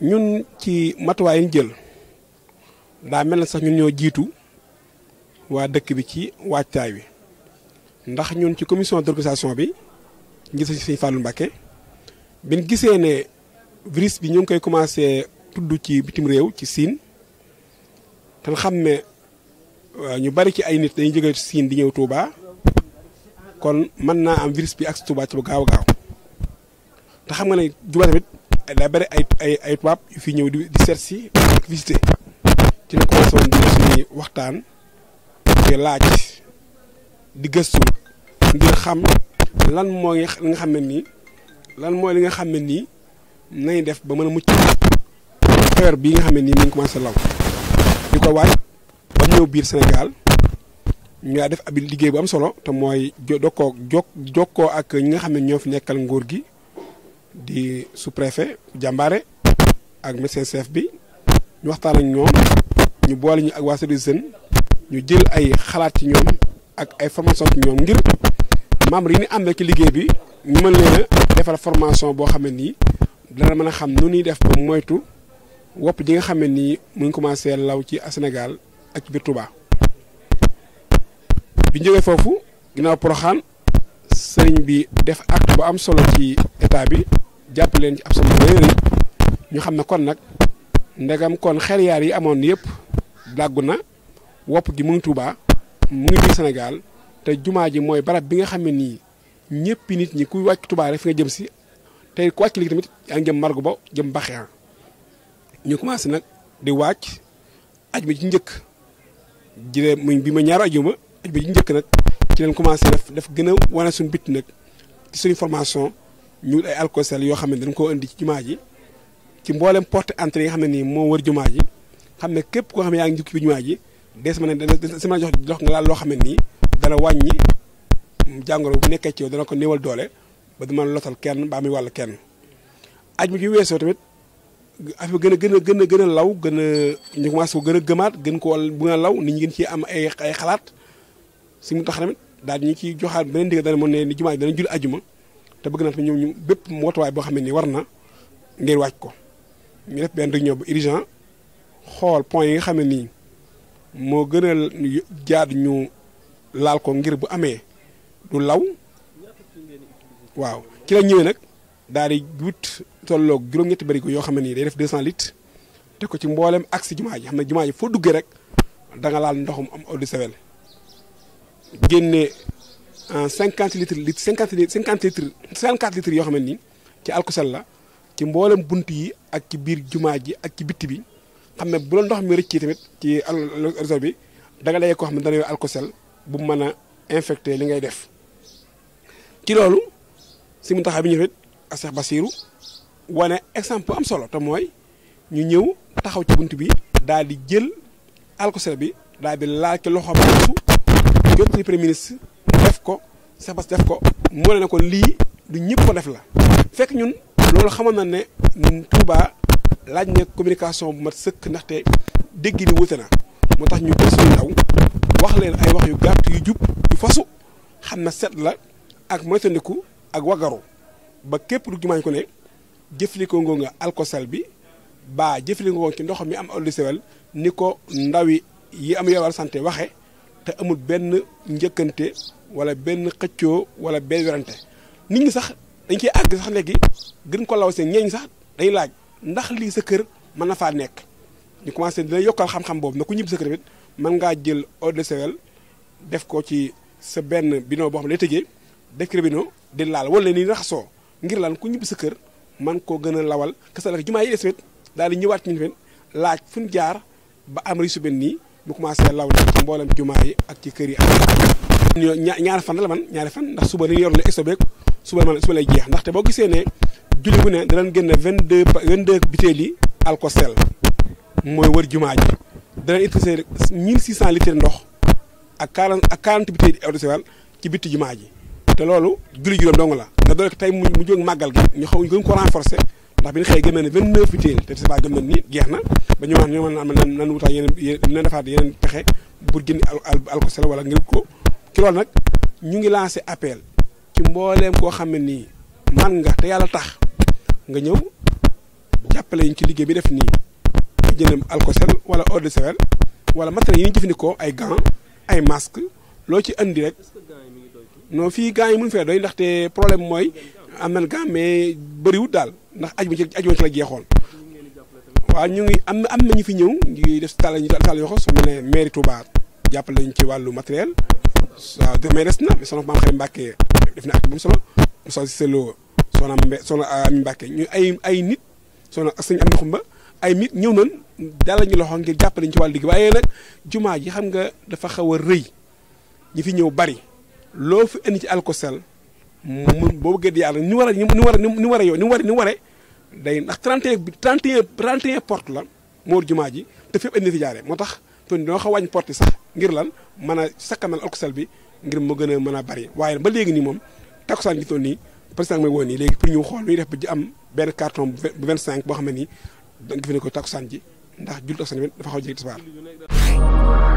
ñun ci matuwaay yi ñu jël daa mel na sax ñun ñoo jiitu waa dëkk bi ci waajtaay bi ndax ñun ci commission d'organisation bi ngir si Sëñ Fallou Mbacké bin gisee ne virus bi ñu ngi koy commencé tudd ci bitim réew ci siin te xam ne ñu bari ci ay nit dañuy jóge siin di ñëw Touba kon mën naa am virus bi ak Touba ci bu gaaw a gaaw te xam nga ne Touba tamit daa bari ay ay ay tubaab yu fi ñëw di di seet si ak visité ci waxtaan di laaj gëstu ngir xam lan moo li nga xam ne nii lan mooy li nga xam ne nii nañ def ba mën a mucc feebar bi nga xam ne nii mi ngi commencé law di ko waaj ba ñëw biir Sénégal ñu daa def ab liggéey bu am solo te mooy jokkoo jok jokkoo ak ñi nga xam ne ñoo fi nekkal nguur gi. di sous-préfet ak médecin chef bi ñu waxtaan ak ñoom ñu boole ñu ak waa service jeune ñu jël ay xalaat ci ñoom ak ay formation ci ñoom ngir membre yi ñu àndal ci liggéey bi ñu mën leen a defal formation boo xam ne nii dana mën a xam nu ñuy def ba moytu wopp ji nga xam ne nii mu ngi commencé law ci Sénégal ak ci biir Touba bi jógee foofu ginnaaw Poroxaan sëriñ bi def acte bu am solo ci état bi jàpp leen ci ab sama réer ñu xam ne kon nag ndegam kon xel yi amoon yëpp dàggu na wopp gi mu ngi Touba mu ngi biir Sénégal te jumaa ji mooy barab bi nga xam ne nii ñëpp nit ñi ku wàcc Touba rek fi nga jëm si tey ku wàcc léegi tamit yaa ngi jëm margo ba jëm Baxiya ñu commencé nag di wàcc aj bi ci njëkk jëlee mu bi ma ñaar ajuma aj bi ci njëkk nag ci leen commencé def daf gën a wane suñu bitt nag ci suñu formation ñu wut ay alcosel yoo xam ne dañ koo indi ci jumaa ji ci mboolem porte entrée yi nga xam ne nii moo wër jumaa ji xam ne képp koo xam ne yaa ngi jukki bi jumaa ji des ma ne des sama jox jox nga laal loo xam ne nii dana wàññi jàngoro bu nekkee ci yow dana ko néewal doole ba du mën kenn ba muy wàll kenn. aj mi ci weesoo tamit gën a gën a gën gën a law gën a ñu commencé ko gën a gëmaat gën ko wal bu law nit ñi gën ci am ay ay xalaat si mu tax tamit daal ñu ciy joxaat beneen digg dana mën ne ni jumaa ji dana jul ajuma te bëgg na tamit ñoom ñu bépp watuwaay boo xam ne ni war na ngir wàcc ko ñu def benn réunion bu urgent xool point yi nga xam ne nii moo gën a jaadu ñu laal ko ngir bu amee du law waaw ci la ñëwee nag daal di wut tolloog juróom-ñetti barigo yoo xam ne nii day def 200 litres te ko ci mboolem ak si jumaa ji xam ne jumaa ji foo duggee rek da nga laal ndoxum am eau de en cinquante litre litres cinquante litres cinquante litres cinquante litres yoo xamante ni ci alkosal la ci mboolem bunt yi ak ci biir jumaa ji ak ci bitti bi xam ne bu la ndox mi rëcc tamit ci réseau bi danga lay koo xam ne dana yor alkosal bu mën a infecté li ngay def ci loolu si mu taxaw bi ñëwee ak Cheikh Basirou wane exemple am solo te mooy ñu ñëw taxaw ci bunt bi daal di jël alkosal bi daal di laaj ci loxo ba su jot premier ministre. Cheikh Bass def ko moo leen ne ko lii du ñëpp ko def la fekk ñun loolu xamoon na ne Touba laaj na communication bu mat sëkk ndaxte dégg bi wute na moo tax ñu gëstu ndaw wax leen ay wax yu gàtt yu jub yu fasu xam na set la ak moytandiku ak wagaru ba képp du jumaañ ko ne jëfandikoo nga alkosel bi ba jëfandikoo ci ndox mi am eau de ni ko ndaw yi am yowal santé waxe te amul benn njëkkante wala benn xëccoo wala benn werante nit ñi sax dañ ciy àgg sax léegi gën ko law seen ñeeñ sax dañuy laaj ndax lii sa kër mën na faa nekk ñu commencé dina yokkal xam-xam boobu na ku ñibbi sa kër it ngaa jël eau def ko ci sa benn bidon boo xam ne day tëjee def ci robinet di laal wala ni ngir lan ku ñibbi sa kër man koo gën a lawal kese la jumaa yi des daal di ñëwaat ñu laaj fi ñu jaar ba am risu benn nii. mu commencé law la ci mboolem jumaa yi ak ci kër yi ak ñaari fan la man ñaari fan ndax suba li ñu yor la exto suba lay jeex ndaxte boo gisee ne julli bu ne danañ génne vingt de vingt deux butéel yi alcosel mooy wër jumaa ji danañ utiliser mille six cent litres ndox ak quarante ak quarante butéel yi eau de ci bitti jumaa ji te loolu julli juróom dong la nga doole tey mu jóg màggal gi ñu xaw ñu ko renforcer ndax bi ñu xëyee gëm na ne vingt neuf butéel te na ni jeex na ba ñu wax ñoo mën na am nan wutaat yeneen na defaat yeneen pexe pour génn alkosela wala ngir ko ci loolu nag ñu ngi lancé appel ci mbooleem koo xam ne nii man nga te yàlla tax nga ñëw jàppale ñu ci liggéey bi def nii jëndam alkosel wala eau de javel wala matériel yi ñu jëfandikoo ay gants ay masques loo ci indi rek noo fii gants yi mun fee doy ndaxte problème mooy am nañ gants mais bëriwul daal ndax aju ma ci aju ma ci la jeexoon waaw ñu ngi am am na ñu fi ñëw ñu def tàll ñu tàll yoo xam su ma nee mairie Touba jàppale nañu ci wàllu matériel waaw mais des na soxna maam Xarim Mbàkke na ak bu mu solo Moussa Cissé Lo soxna Mbe ñu ay ay nit soxna ak sëñ am na xumba ay nit ñëw nañ dalal ñu loxo ngir jàppale ñu ci wàllu digg waaye nag jumaa ji xam nga dafa xaw a rëy ñi fi ñëw bari loo fi indi ci alkosel mu boo bëggee di yàlla ni war a ni war a ni war a yow ni war ni waree day ndax 31 bi 31 31 porte la moor jumaa ji te fépp indi fi jaaree moo tax te doo xaw wàññi porte sax ngir lan mën a sakkanal alkosel bi ngir mu gën a mën a bari waaye ba léegi nii moom takkusaan gi toll nii président may woon nii léegi pour ñu xool lu def ba ji am benn carton bu 25 boo xam ne nii da nga fi ne ko takkusaan ji ndax jullit ak seen dafa xaw a jege tisbaar